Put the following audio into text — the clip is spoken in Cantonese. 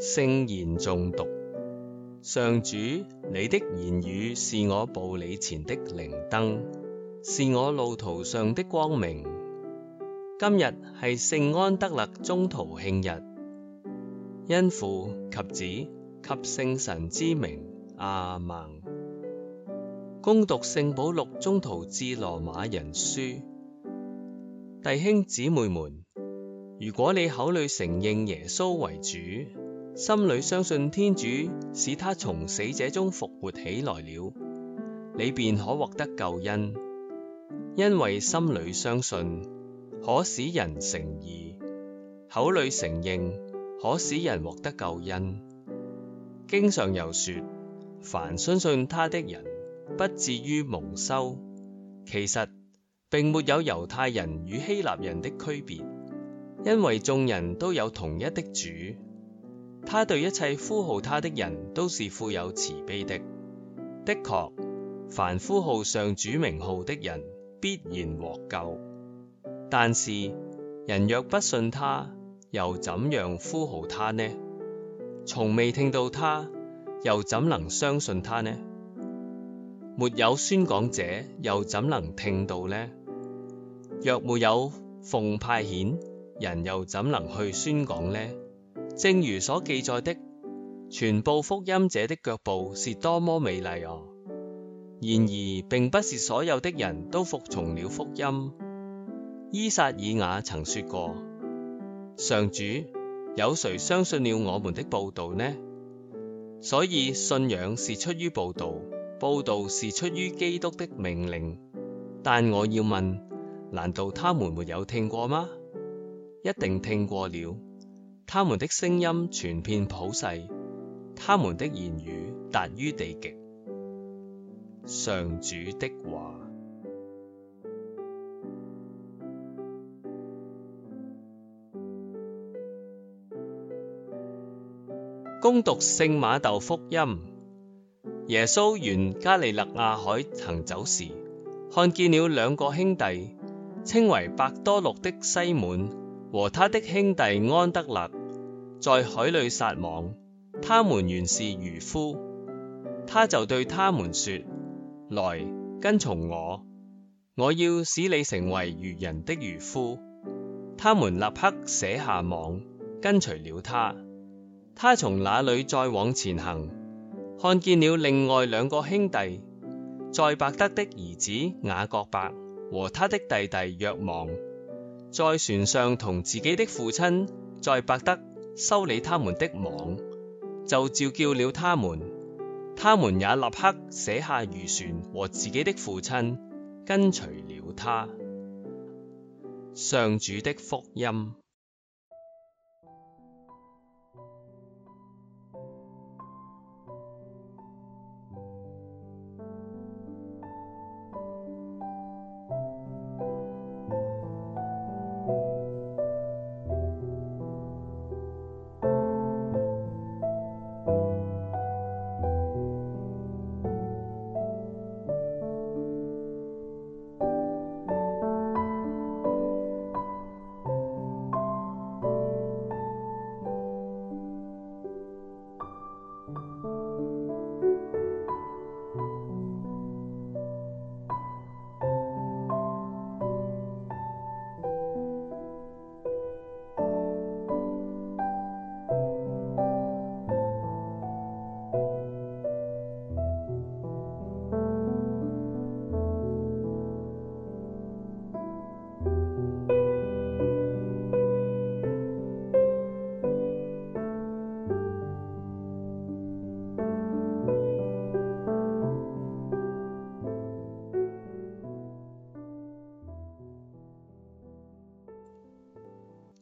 聖言誦讀，上主，你的言語是我步履前的靈燈，是我路途上的光明。今日係聖安德肋宗徒慶日，因父及子及聖神之名，阿們，恭讀聖保祿宗徒致羅馬人書，弟兄姊妹們，如果你口裏承認耶穌為主。心裏相信天主使他從死者中復活起來了，你便可獲得救恩。因為心裏相信，可使人成義，口裏承認，可使人獲得救恩。經上又說，凡相信，信他的人，不致於蒙羞。其實並沒有猶太人與希臘人的區別，因為眾人都有同一的主。他對一切呼號他的人都是富有慈悲的。的確，凡呼號上主名號的人必然獲救。但是，人若不信他，又怎樣呼號他呢？從未聽到他，又怎能相信他呢？沒有宣講者，又怎能聽到呢？若沒有奉派遣，人又怎能去宣講呢？正如所記載的，傳佈福音者的腳步是多麼美麗哦、啊。然而並不是所有的人都服從了福音。依撒意亞曾說過：上主，有誰相信了我們的報道呢？所以信仰是出於報道，報道是出於基督的命令。但我要問，難道他們沒有聽過嗎？一定聽過了。他們的聲音傳遍普世，他們的言語達於地極。上主的話。恭讀《聖瑪竇福音》：耶穌沿加里肋亞海行走時，看見了兩個兄弟，稱為伯多祿的西滿和他的兄弟安德肋。在海裏撒網，他們原是漁夫。他就對他們說：來，跟從我，我要使你成為漁人的漁夫。他們立刻捨下網，跟隨了他。他從那裏再往前行，看見了另外兩個兄弟，載伯德的兒子雅各伯和他的弟弟若望，在船上同自己的父親載伯德。修理他們的網，就召叫了他們，他們也立刻捨下漁船和自己的父親，跟隨了他。—上主的福音。